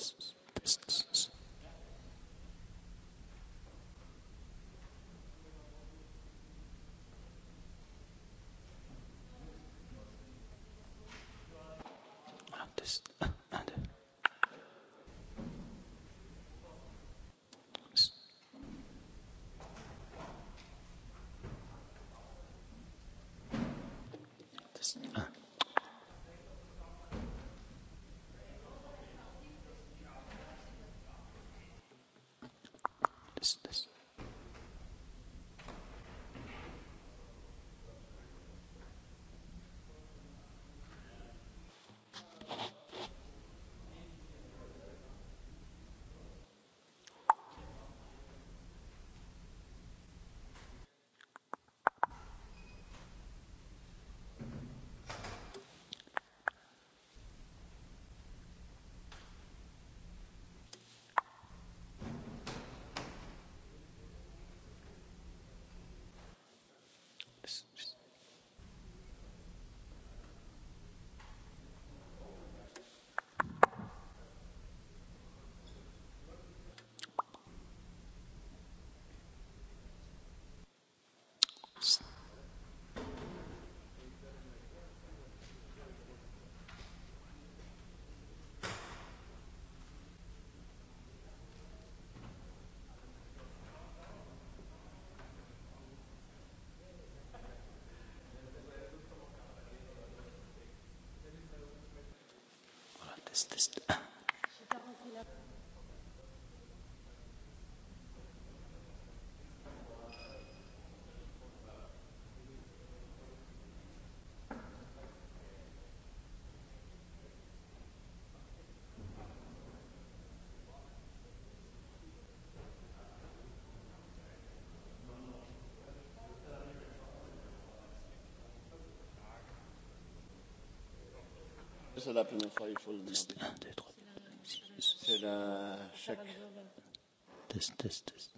services. this, this. justice Test, test, test.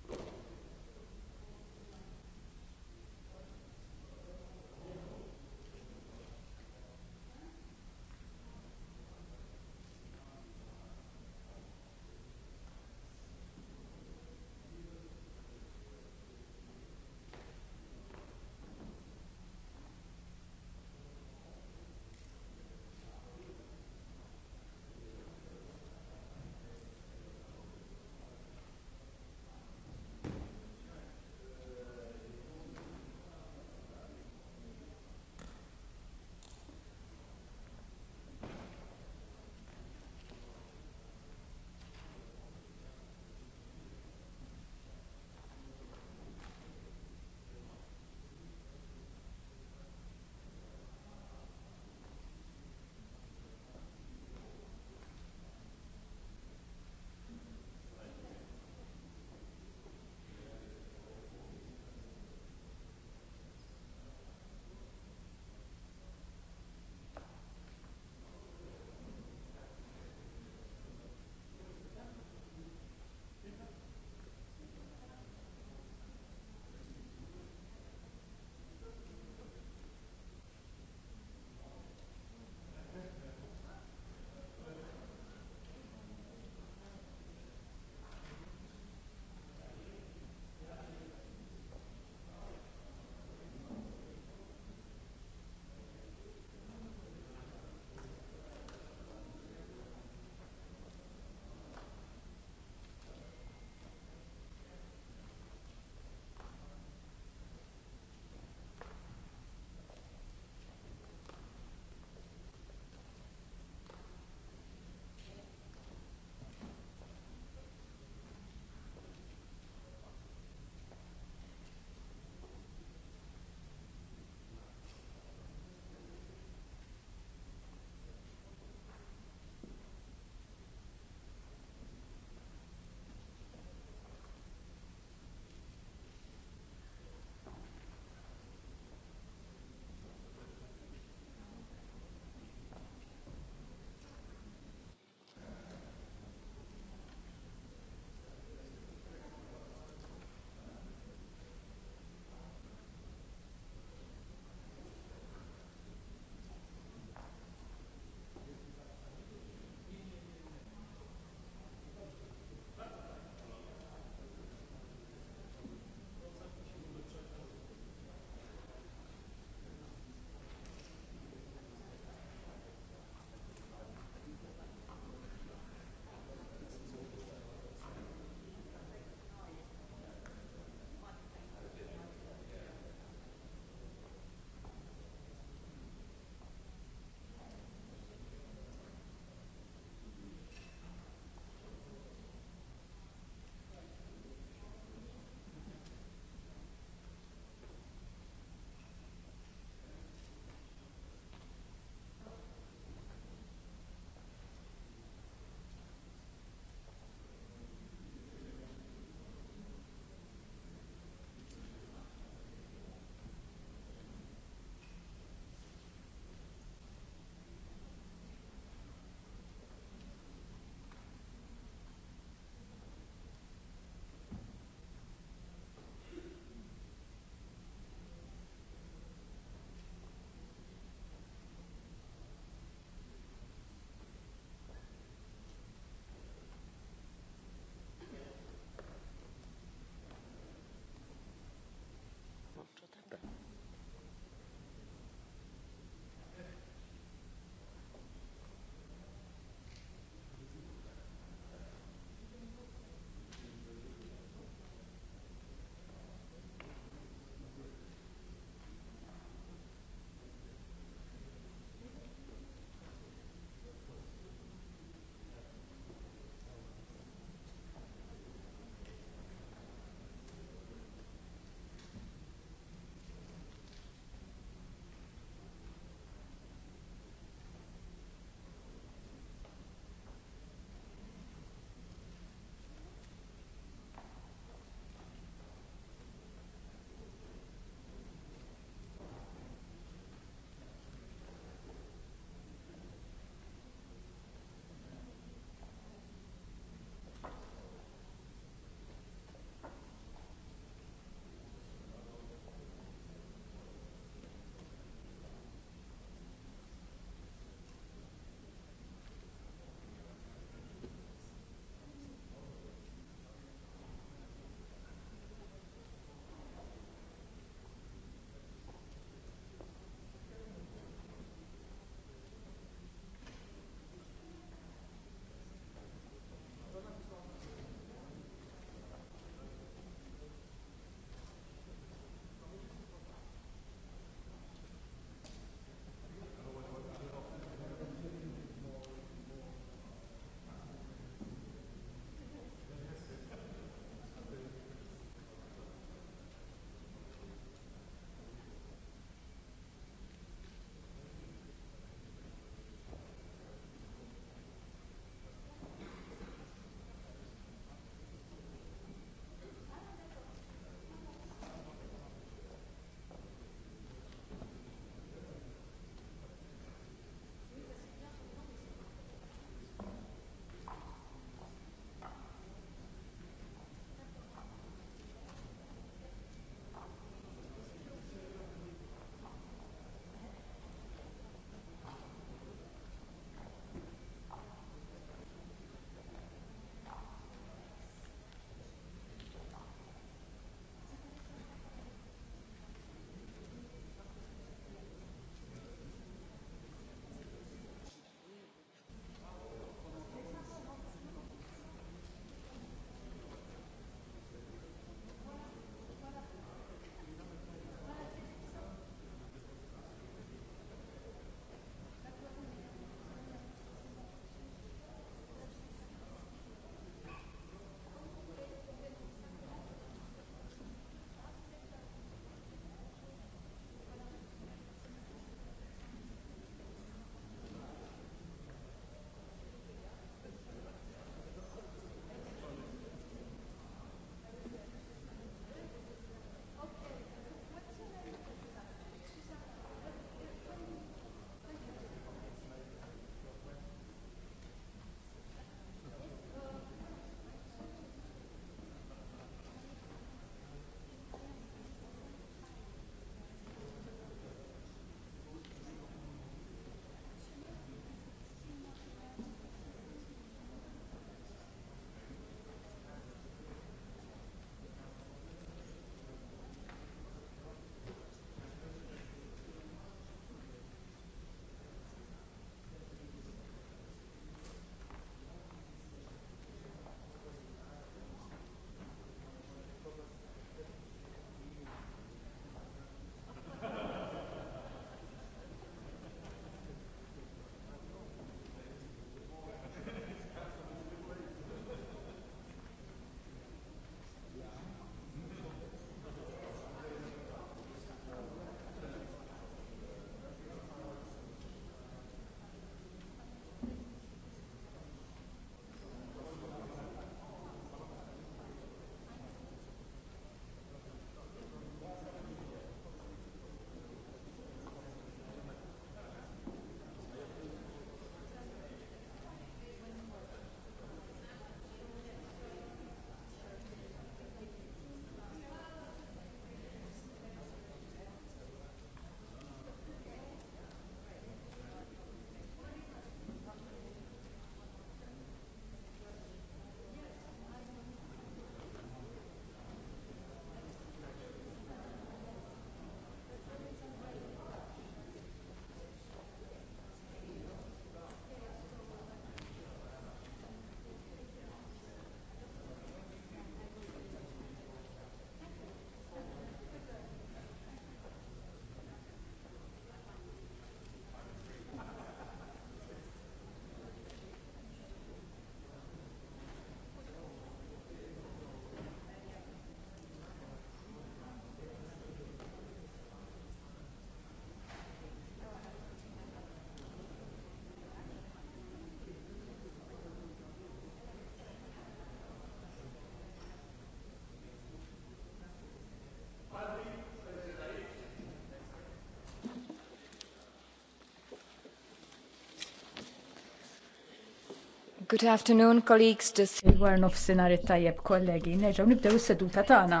Good afternoon, colleagues. Il-war nofsinhar it-tajjeb kollegi, nerġgħu nibdew is-seduta tagħna.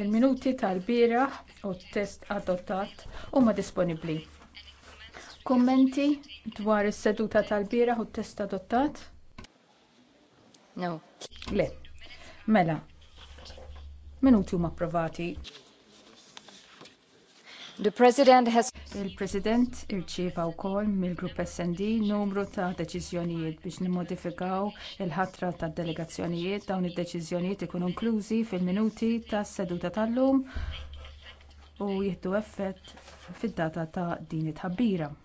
Il-minuti tal-bieraħ u t-test adottat huma disponibbli. Kummenti dwar is-seduta tal-bieraħ u t-test adottat? No. Le. Mela. Minuti huma approvati. The President has Il-President irċieva wkoll mill-Grupp SD numru ta' deċiżjonijiet biex nimmodifikaw il-ħatra tad delegazzjonijiet dawn id-deċiżjonijiet ikunu inklużi fil-minuti tas-seduta tal-lum u jieħdu effett fid-data ta' din it-tħabbira.